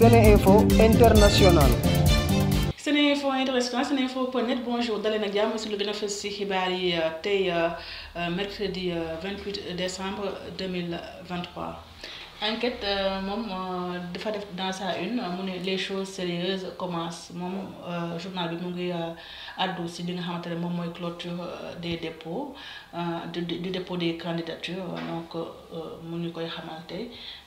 Sénéinfo International. Sénéinfo International Sénéinfo point net bonjour daleen ak jàmm si lu gën a fës si xibaar yi euh, tey euh, euh, mercredi 28 décembre 2023 enquête euh, moom euh, dafa def dans sa une euh, mu ne les choses sérieuses commencent moom journal bi mu ngi àddu si li nga xamante ne moom mooy clôture des dépôts du dépôt des candidatures donc mu ngi koy xamante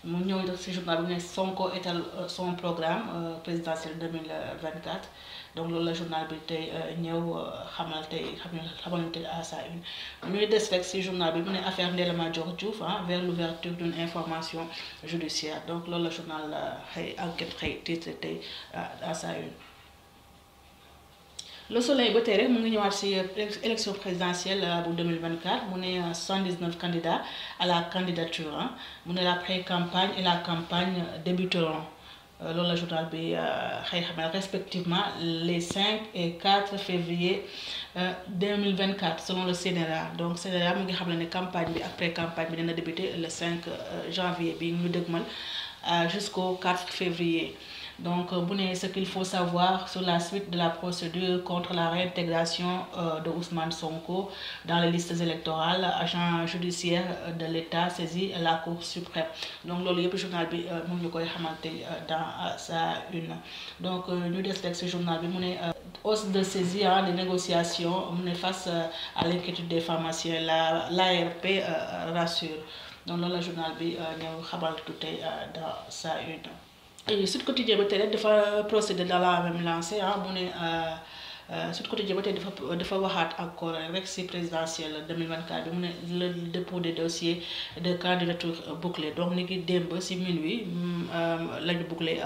mu ñëw def si journal bi mu ne Sonko étale son programme présidentiel 2024 donc loolu la journal bi tey euh, ñëw euh, xamal tey xamal tey à sa une ñuy des rek si journal bi mu ne affaire Ndella Madior Diouf vers l'ouverture d'une information judiciaire donc loolu la journal euh, xëy enquête xëy titre tey à sa une le soleil ba tey rek mu ngi ñëwaat ci élection présidentielle bu 2024 mu ne 119 candidats à la candidature mu ne la pré-campagne et la campagne débuteront Euh, loolu la journal bi euh, xëy xamal respectivement les 5 et 4 février 2024 euh, selon le CNRA donc CNRA mu ngi xam ne ne campagne bi après campagne bi dina débuter le 5 janvier bi ñu dëgmal jusqu'au 4 février donc euh, bu ne ce qu'il faut savoir sur la suite de la procédure contre la réintégration euh, de Ousmane Sonko dans les listes électorales agent judiciaire euh, de l'État saisi la Cour suprême donc loolu yëpp journal bi moom ñu koy xamante dans sa une donc ñu des rek si journal bi mu ne hausse de saisie des négociations mu à l'inquiétude des pharmaciens la l'ARP rassure donc loolu la journal bi ñëw xamal tuuti dans sa une Sud Quotidien ba tey rek dafa procéder dans la même lancée ah mu ne euh, euh, Sud Quotidien ba tey dafa waxaat ak encore rek si présidentielle 2024 bi mu ne le dépôt des dossiers de candidature bouclé donc ni ngi démb si minuit mm, euh, la ñu bouclé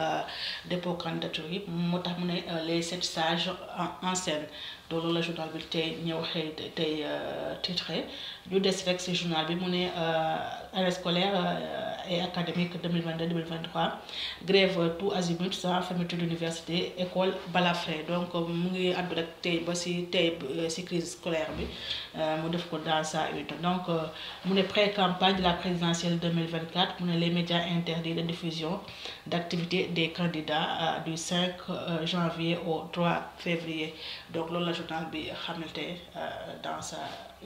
dépôt candidature yi moo tax mu ne les sept sages en scène loolu la journal bi tey ñëw xëy tey euh, titré ñu des rek si journal bi mu ne euh, année scolaire euh, et académique 2022 2023 grève tout azimut sans fermeture d'université école balafré donc mu ngi àddu rek tey ba si tey si crise scolaire bi mu def ko dans sa une donc mu ne pré campagne de la présidentielle 2024 mu ne les médias interdits de diffusion d'activité des candidats du 5 janvier au 3 février donc loolu la journal bi xamante euh, dans sa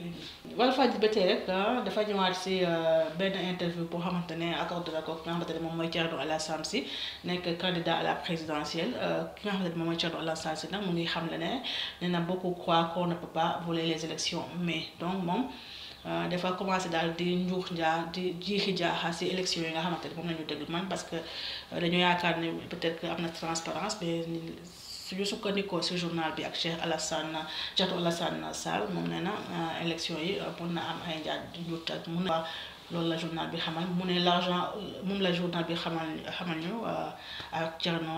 une. Walfadjri ba tey rek ah, dafa ñëwaat si euh, benn interview boo xamante ne accordé na ko ki nga moom mooy Thierno Alassane Sall nekk candidat à la présidentielle ki nga xamante ne moom mooy Thierno Alassane euh, mu ngi xam le ne nee na beaucoup croient qu'on ne peut pas voler les élections mais donc moom. dafa commencé daal di njuux njaa di jiixi jaaxa si élection yi nga xamante ne moom la déglu man parce que dañu yaakaar ne peut-être que am na transparence suñu sukkandiku si journal bi ak Cheikh Alassane Diatou na Sall moom nee na euh, élection yi mun euh, na am ay njaaj njuut ak mun na loolu la journal bi xamal mu ne l'argent euh, moom la journal bi xamal xamal ñu ak Thierno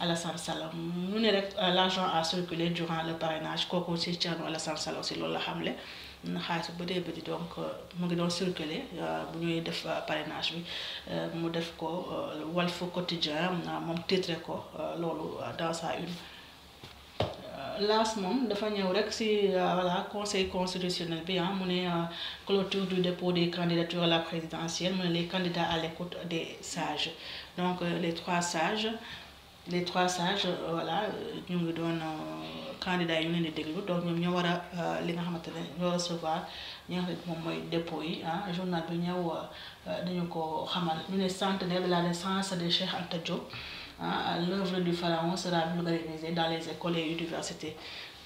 Alassane Salam mu ne rek euh, l'argent a circulé durant le kooku ci Thierno Alassane Salam si la xamle na xaalis bu dee bëri euh, mu ngi doon circulé euh, bu ñuy def parrainage bi mu def ko Walf Quotidien moom titré ko loolu dans sa moom dafa ñëw rek ci voilà conseil constitutionnel bi ah mu ne clôture du dépôt des candidatures la présidentielle mu ne les candidats à l'écoute des sages donc les trois sages les trois sages euh, voilà ñu ngi doon euh, candidats yi ñu leen di déglu donc ñoom ñoo war a euh, li nga xamante ne ñoo recevoir ñi moom mooy dépôt yi ah journal bi ñëw dañu ko xamal ñu ne centenaire de la naissance de Cheikh Anta Diop ah l'œuvre du pharaon sera vulgarisée dans les écoles et universités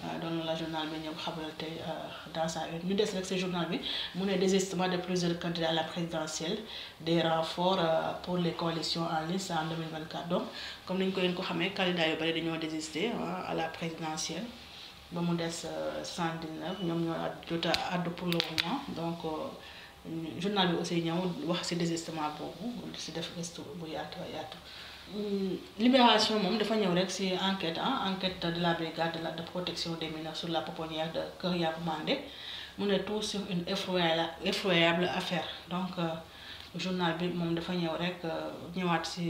Euh, doon la journal bi ñëw xamal tey euh, dans sa ñu des rek si journal bi mu ne désistement de plusieurs candidats à la présidentielle des renforts euh, pour les coalitions en lice en 2024 donc comme ni ñu ko leen ko xamee candidats yu bëri dañoo désister à la présidentielle ba mu des 119 ñoom ñoo jot a àddu pour le moment donc journal bi aussi ñëw wax si désistement boobu si def gëstu bu yaatu yaatu. Euh, libération moom dafa ñëw rek ci enquête ah enquête de la brigade de la de protection des mineurs sur la pouponnière de Kër Yacou Mandé mu ne tout sur une effroyable effroyable affaire donc euh, journal bi moom dafa ñëw rek euh, ñëwaat ci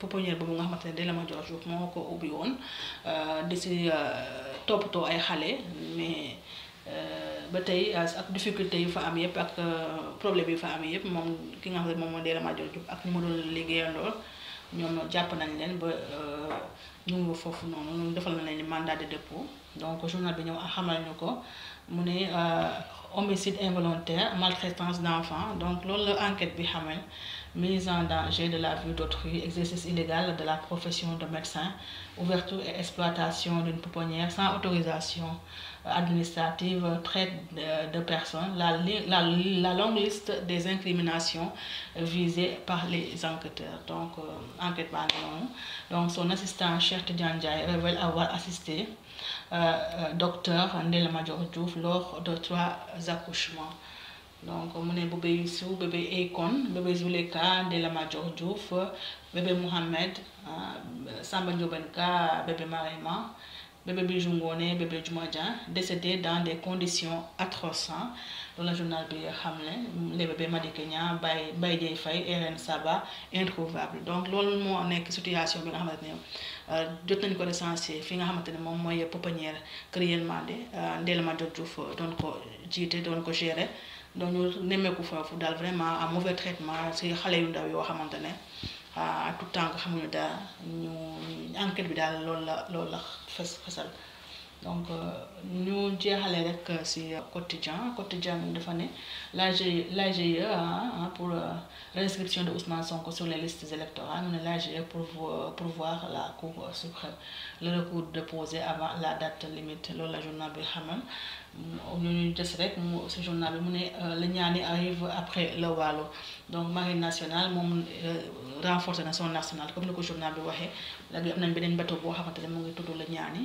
pouponnière boobu nga xamante ne de moo ko ubbi woon di ci toppatoo ay xale mais ba tey ak difficulté yu fa am yëpp ak problème yu fa am yëpp moom ki nga xam ne moom moo de la ma jox ak ñu ma doon liggéeyandoo. ñoom jàpp nañ leen ba euh, ñu ngi foofu noonu defal na leen mandat de dépôt donc journal bi ñëw xamal ñu ko mu ne euh, homicide involontaire maltraitance d'enfant donc loolu la enquête bi xamal mise en danger de la vie d'autrui, exercice illégal de la profession de médecin, ouverture et exploitation d'une pouponnière sans autorisation administrative, traite de, de personnes, la, longue liste des incriminations visées par les enquêteurs. Donc, euh, enquête par Donc, son assistant, Chert Diandjaï, révèle avoir assisté euh, euh docteur Ndel Major Diouf lors de trois accouchements. donc mune bébé Youssou bébé Akon bébé Zuleka Ndella Madior Diouf bébé Mouhamed ah, Samba Ndiobène Ka bébé Marema bébé Bijou Ngoné bébé Diouma décédé dans des conditions atroces loolu la journal bi xamle les bébés Madické Niang Baye Baye Dieye Faye RN Saba introuvable donc loolu moo nekk situation bi nga xamante ne euh, jot nañ ko recensé fi nga xamante ne moom mooy Pouponnière Kër Yelmande euh, Ndella Madior Diouf doon ko jiite doon ko gérer dañu nemmeeku foofu daal vraiment un mauvais traitement si xale yu ndaw yoo xamante ne à tout temps nga xamuñu daal ñu enquête bi daal lool la loolu la fës fësal donc euh, ñu jeexale rek ci euh, euh, quotidien quotidien bi dafa ne la l'AGE pour réinscription de Ousmane Sonko sur les listes électorales mu ne l'AGE pour pourvoir la Cour suprême le recours déposé avant la date limite loolu la journal bi xamal ñu ñu des rek mu ci journal bi mu ne la ñaani arrive après le Waalo donc marine nationale moom renforcé na son national comme ni ko journal bi waxee léegi am nañ beneen bateau boo xamante ne mu ngi tudd la ñaani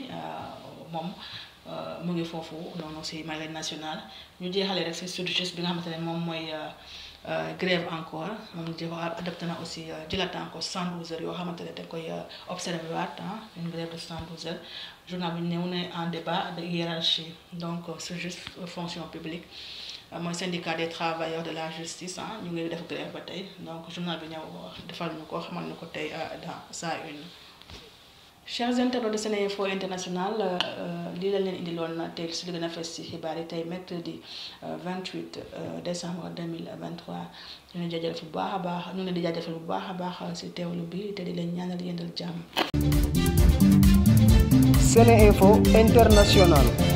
moom euh, mu ngi foofu noonu si marine nationale ñu jeexalee rek si SYTJUST bi nga xamante ne moom mooy euh, euh, grève encore moom di ko adapté na aussi jëlaat encore cent douze heures yoo xamante ne dañ koy observé waat une grève de cent douze heures journal bi ñu ne en débat de hiérarchie donc SYTJUST fonction publique mooy syndicat des travailleurs de la justice ah ñu ngi def grève ba tey donc journal bi ñëw defal ñu ko xamal ñu ko tey dans sa une. chers internautes de Seneinfo International euh, euh, lii la leen indiloon na tey si li gën a fes ci xibaar yi tey mercredi 28 euh, décembre 2023 ñu ngi jaajëfal bu baax a baax ñu ngi di jaajëfal bu baax a baax si teewlu bi te di leen ñaanal yendal jàmm. Seneinfo International.